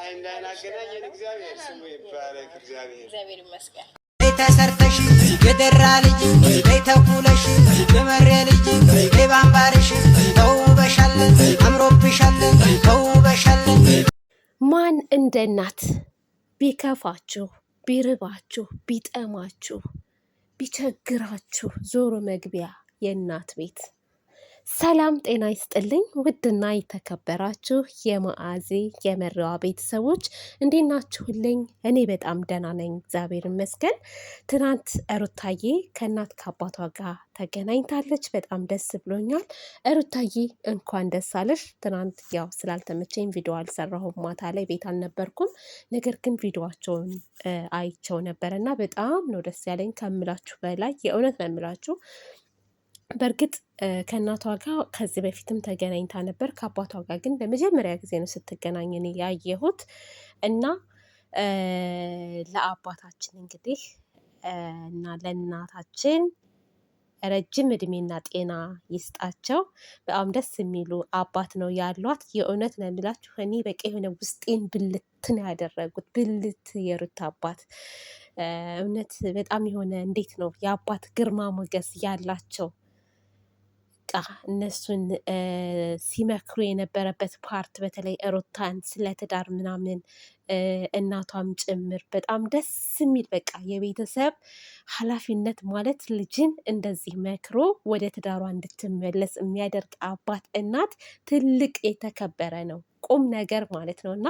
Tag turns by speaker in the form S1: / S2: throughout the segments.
S1: ፀሐይ እግዚአብሔር ስሙ ይባረክ። እግዚአብሔር ይመስገን። ተሰርተሽ የደራ ልጅ ተኩለሽ የመሬ ልጅ ባንባርሽ ተውበሻለን፣ አምሮብሻለን፣ ተውበሻለን። ማን እንደ እናት ቢከፋችሁ፣ ቢርባችሁ፣ ቢጠማችሁ፣ ቢቸግራችሁ ዞሮ መግቢያ የእናት ቤት ሰላም ጤና ይስጥልኝ። ውድና የተከበራችሁ የማዓዜ የመሪዋ ቤተሰቦች እንዴት ናችሁልኝ? እኔ በጣም ደህና ነኝ፣ እግዚአብሔር ይመስገን። ትናንት እሩታዬ ከእናት ከአባቷ ጋር ተገናኝታለች። በጣም ደስ ብሎኛል። እሩታዬ እንኳን ደስ አለሽ። ትናንት ያው ስላልተመቸኝ ቪዲዮ አልሰራሁም፣ ማታ ላይ ቤት አልነበርኩም። ነገር ግን ቪዲዮቸውን አይቸው ነበር እና በጣም ነው ደስ ያለኝ ከምላችሁ በላይ የእውነት ነው የምላችሁ በእርግጥ ከእናቷ ጋር ከዚህ በፊትም ተገናኝታ ነበር። ከአባቷ ጋር ግን ለመጀመሪያ ጊዜ ነው ስትገናኝ እኔ ያየሁት። እና ለአባታችን እንግዲህ እና ለእናታችን ረጅም እድሜና ጤና ይስጣቸው። በጣም ደስ የሚሉ አባት ነው ያሏት። የእውነት ነው የሚላችሁ እኔ በቀ የሆነ ውስጤን ብልት ነው ያደረጉት። ብልት የሩት አባት እውነት በጣም የሆነ እንዴት ነው የአባት ግርማ ሞገስ ያላቸው በቃ እነሱን ሲመክሩ የነበረበት ፓርት በተለይ ሩታን ስለ ትዳር ምናምን እናቷም ጭምር በጣም ደስ የሚል በቃ የቤተሰብ ኃላፊነት ማለት ልጅን እንደዚህ መክሮ ወደ ትዳሯ እንድትመለስ የሚያደርግ አባት እናት ትልቅ የተከበረ ነው፣ ቁም ነገር ማለት ነው። እና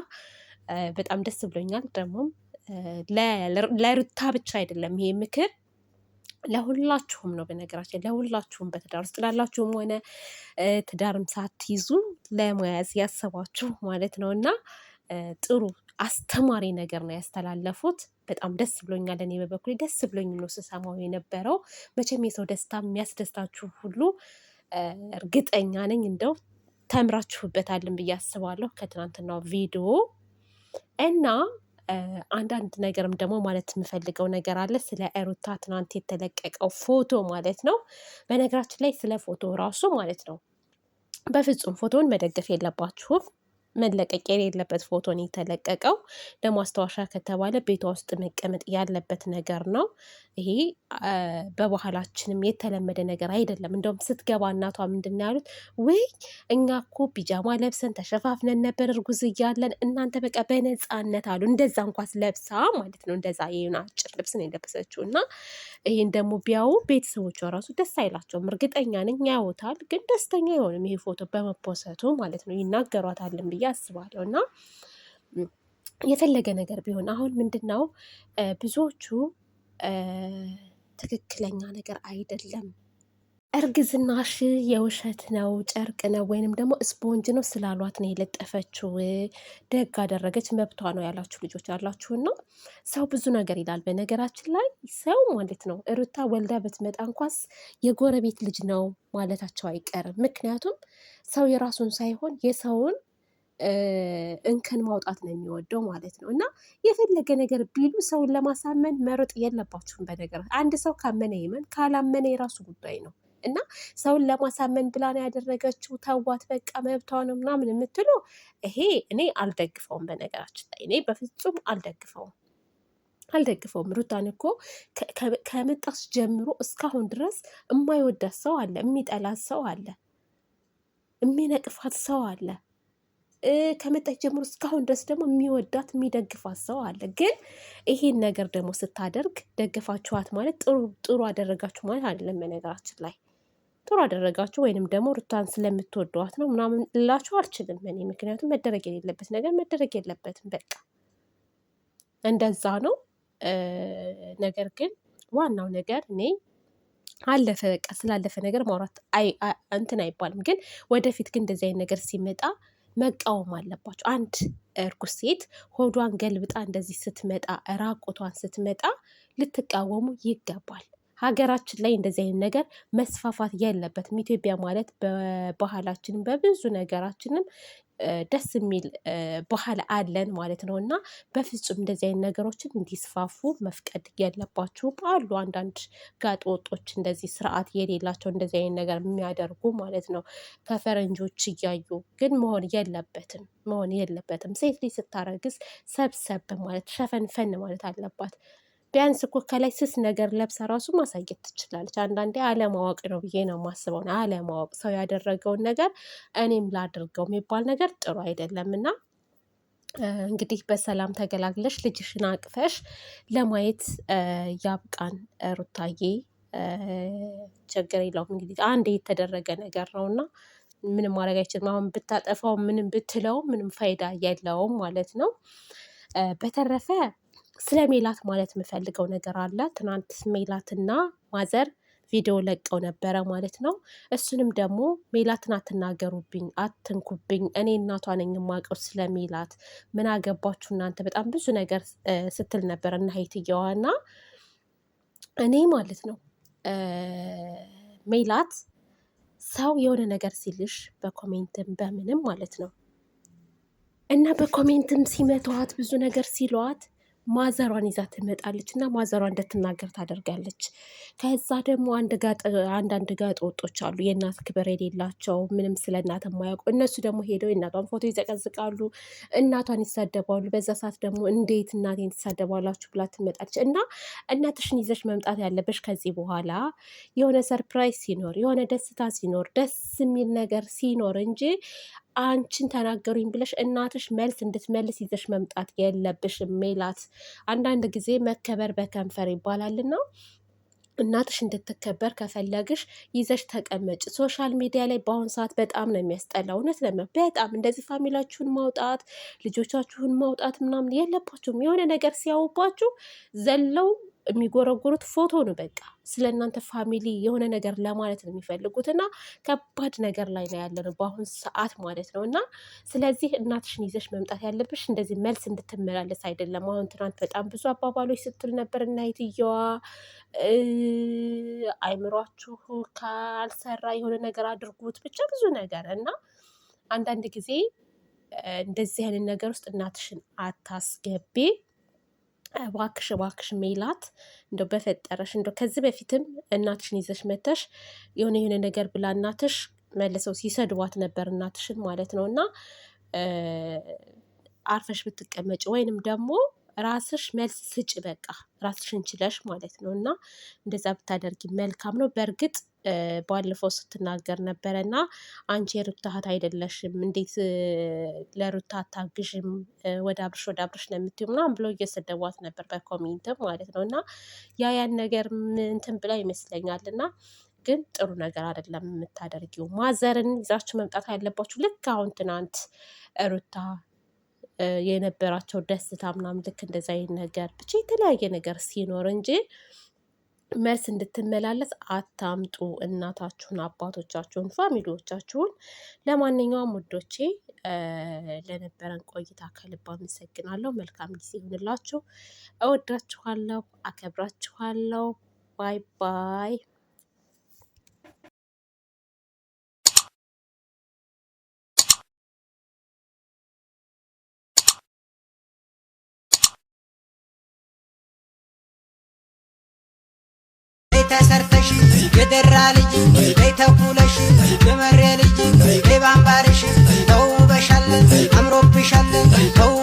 S1: በጣም ደስ ብሎኛል። ደግሞም ለሩታ ብቻ አይደለም ይሄ ምክር ለሁላችሁም ነው በነገራችን ለሁላችሁም በትዳር ውስጥ ላላችሁም ሆነ ትዳርም ሳትይዙ ለመያዝ ያሰባችሁ ማለት ነው እና ጥሩ አስተማሪ ነገር ነው ያስተላለፉት። በጣም ደስ ብሎኛል። እኔ በበኩሌ ደስ ብሎኝ ነው ስሰማው የነበረው። መቼም የሰው ደስታ የሚያስደስታችሁ ሁሉ እርግጠኛ ነኝ እንደው ተምራችሁበታልን ብዬ አስባለሁ ከትናንትናው ቪዲዮ እና አንዳንድ ነገርም ደግሞ ማለት የምፈልገው ነገር አለ ስለ ሩታ ትናንት የተለቀቀው ፎቶ ማለት ነው። በነገራችን ላይ ስለ ፎቶ ራሱ ማለት ነው በፍጹም ፎቶውን መደገፍ የለባችሁም። መለቀቅ የሌለበት ነው የተለቀቀው ለማስታወሻ ከተባለ ቤቷ ውስጥ መቀመጥ ያለበት ነገር ነው። ይሄ በባህላችንም የተለመደ ነገር አይደለም። እንደውም ስትገባ እናቷ ምንድን ያሉት ወይ እኛ እኮ ቢጃማ ለብሰን ተሸፋፍነን ነበር እርጉዝ እያለን እናንተ በቃ በነፃነት አሉ። እንደዛ እንኳስ ለብሳ ማለት ነው። እንደዛ ይሁን አጭር ልብስ ነው የለበሰችው እና ይህን ደግሞ ቢያዩ ቤተሰቦቿ ራሱ ደስ አይላቸውም። እርግጠኛ ነኝ ያዩታል፣ ግን ደስተኛ አይሆንም። ይሄ ፎቶ በመፖሰቱ ማለት ነው ይናገሯታልም ብዬ አስባለሁ እና የፈለገ ነገር ቢሆን አሁን ምንድን ነው ብዙዎቹ ትክክለኛ ነገር አይደለም፣ እርግዝናሽ የውሸት ነው፣ ጨርቅ ነው ወይንም ደግሞ ስፖንጅ ነው ስላሏት ነው የለጠፈችው፣ ደግ አደረገች፣ መብቷ ነው ያላችሁ ልጆች አላችሁና ሰው ብዙ ነገር ይላል። በነገራችን ላይ ሰው ማለት ነው ሩታ ወልዳ ብትመጣ እንኳስ የጎረቤት ልጅ ነው ማለታቸው አይቀርም። ምክንያቱም ሰው የራሱን ሳይሆን የሰውን እንከን ማውጣት ነው የሚወደው ማለት ነው። እና የፈለገ ነገር ቢሉ ሰውን ለማሳመን መሮጥ የለባችሁም። በነገር አንድ ሰው ካመነ ይመን፣ ካላመነ የራሱ ጉዳይ ነው። እና ሰውን ለማሳመን ብላ ነው ያደረገችው፣ ተዋት በቃ መብቷ ነው ምናምን የምትሉ ይሄ እኔ አልደግፈውም። በነገራችን ላይ እኔ በፍጹም አልደግፈውም አልደግፈውም። ሩታን እኮ ከመጣች ጀምሮ እስካሁን ድረስ የማይወዳት ሰው አለ፣ የሚጠላት ሰው አለ፣ የሚነቅፋት ሰው አለ። ከመጣች ጀምሮ እስካሁን ድረስ ደግሞ የሚወዳት የሚደግፋት ሰው አለ። ግን ይሄን ነገር ደግሞ ስታደርግ ደግፋችኋት ማለት ጥሩ ጥሩ አደረጋችሁ ማለት አይደለም። በነገራችን ላይ ጥሩ አደረጋችሁ ወይንም ደግሞ ሩታን ስለምትወደዋት ነው ምናምን ልላችሁ አልችልም እኔ። ምክንያቱም መደረግ የሌለበት ነገር መደረግ የለበትም። በቃ እንደዛ ነው። ነገር ግን ዋናው ነገር እኔ አለፈ በቃ ስላለፈ ነገር ማውራት እንትን አይባልም። ግን ወደፊት ግን እንደዚህ አይነት ነገር ሲመጣ መቃወም አለባቸው። አንድ እርጉዝ ሴት ሆዷን ገልብጣ እንደዚህ ስትመጣ ራቁቷን ስትመጣ ልትቃወሙ ይገባል። ሀገራችን ላይ እንደዚህ አይነት ነገር መስፋፋት የለበትም። ኢትዮጵያ ማለት በባህላችንም በብዙ ነገራችንም ደስ የሚል ባህል አለን ማለት ነው። እና በፍጹም እንደዚህ አይነት ነገሮችን እንዲስፋፉ መፍቀድ የለባችሁም። አሉ አንዳንድ ጋጥ ወጦች እንደዚህ ስርዓት የሌላቸው እንደዚህ አይነት ነገር የሚያደርጉ ማለት ነው። ከፈረንጆች እያዩ ግን መሆን የለበትም መሆን የለበትም። ሴት ልጅ ስታረግዝ ሰብሰብ ማለት ሸፈንፈን ማለት አለባት ቢያንስ እኮ ከላይ ስስ ነገር ለብሳ ራሱ ማሳየት ትችላለች። አንዳንዴ አለማወቅ ነው ብዬ ነው የማስበው። አለማወቅ ሰው ያደረገውን ነገር እኔም ላድርገው የሚባል ነገር ጥሩ አይደለም እና እንግዲህ በሰላም ተገላግለሽ ልጅሽን አቅፈሽ ለማየት ያብቃን ሩታዬ። ችግር የለውም እንግዲህ አንድ የተደረገ ነገር ነው እና ምንም ማድረግ አይችልም። አሁን ብታጠፋው ምንም ብትለው ምንም ፋይዳ የለውም ማለት ነው። በተረፈ ስለ ሜላት ማለት የምፈልገው ነገር አለ። ትናንት ሜላትና ማዘር ቪዲዮ ለቀው ነበረ ማለት ነው። እሱንም ደግሞ ሜላትን አትናገሩብኝ፣ አትንኩብኝ፣ እኔ እናቷ ነኝ የማውቀው ስለ ሜላት ምን አገባችሁ እናንተ በጣም ብዙ ነገር ስትል ነበር እና ሄትየዋ እና እኔ ማለት ነው ሜላት ሰው የሆነ ነገር ሲልሽ በኮሜንትም በምንም ማለት ነው እና በኮሜንትም ሲመተዋት ብዙ ነገር ሲለዋት ማዘሯን ይዛ ትመጣለች እና ማዘሯ እንደትናገር ታደርጋለች። ከዛ ደግሞ አንዳንድ ጋጥ ወጦች አሉ የእናት ክብር የሌላቸው ምንም ስለ እናት የማያውቁ እነሱ ደግሞ ሄደው የእናቷን ፎቶ ይዘቀዝቃሉ፣ እናቷን ይሳደባሉ። በዛ ሰዓት ደግሞ እንዴት እናቴን ትሳደባላችሁ ብላ ትመጣለች እና እናትሽን ይዘሽ መምጣት ያለበሽ ከዚህ በኋላ የሆነ ሰርፕራይዝ ሲኖር የሆነ ደስታ ሲኖር ደስ የሚል ነገር ሲኖር እንጂ አንቺን ተናገሩኝ ብለሽ እናትሽ መልስ እንድትመልስ ይዘሽ መምጣት የለብሽ ሜላት። አንዳንድ ጊዜ መከበር በከንፈር ይባላልና እናትሽ እንድትከበር ከፈለግሽ ይዘሽ ተቀመጭ። ሶሻል ሚዲያ ላይ በአሁኑ ሰዓት በጣም ነው የሚያስጠላ። እውነት ለመ በጣም እንደዚህ ፋሚላችሁን ማውጣት ልጆቻችሁን ማውጣት ምናምን የለባችሁም። የሆነ ነገር ሲያውባችሁ ዘለው የሚጎረጉሩት ፎቶ ነው። በቃ ስለ እናንተ ፋሚሊ የሆነ ነገር ለማለት ነው የሚፈልጉት እና ከባድ ነገር ላይ ነው ያለነው በአሁን ሰዓት ማለት ነው። እና ስለዚህ እናትሽን ይዘሽ መምጣት ያለብሽ እንደዚህ መልስ እንድትመላለስ አይደለም። አሁን ትናንት በጣም ብዙ አባባሎች ስትል ነበር እና የትየዋ አይምሯችሁ ካልሰራ የሆነ ነገር አድርጉት ብቻ ብዙ ነገር እና አንዳንድ ጊዜ እንደዚህ አይነት ነገር ውስጥ እናትሽን አታስገቢ። እባክሽ እባክሽ ሜላት እንደ በፈጠረሽ እንደው ከዚህ በፊትም እናትሽን ይዘሽ መተሽ የሆነ የሆነ ነገር ብላ እናትሽ መልሰው ሲሰድቧት ነበር እናትሽን ማለት ነው እና አርፈሽ ብትቀመጭ ወይንም ደግሞ ራስሽ መልስ ስጭ። በቃ ራስሽን ችለሽ ማለት ነው። እና እንደዛ ብታደርጊ መልካም ነው። በእርግጥ ባለፈው ስትናገር ነበረ እና አንቺ የሩታ እህት አይደለሽም፣ እንዴት ለሩታ አታግዥም? ወደ አብርሽ ወደ አብርሽ ነው የምትይው ምናምን ብሎ እየሰደቧት ነበር በኮሜንትም ማለት ነው። እና ያ ያን ነገር እንትን ብላ ይመስለኛል እና ግን ጥሩ ነገር አይደለም የምታደርጊው። ማዘርን ይዛችሁ መምጣት ያለባችሁ ልክ አሁን ትናንት ሩታ የነበራቸው ደስታ ምናምን ልክ እንደዛ አይነት ነገር ብቻ የተለያየ ነገር ሲኖር እንጂ መልስ እንድትመላለስ አታምጡ። እናታችሁን፣ አባቶቻችሁን፣ ፋሚሊዎቻችሁን። ለማንኛውም ውዶቼ ለነበረን ቆይታ ከልብ አመሰግናለሁ። መልካም ጊዜ ይሁንላችሁ። እወዳችኋለሁ፣ አከብራችኋለሁ። ባይ ባይ። ተሰርተሽ የደራ ልጅ በይ ተኩለሽ የመሬ ልጅ በይ ባምባርሽ ተውበሻለን አምሮብሻለን ተው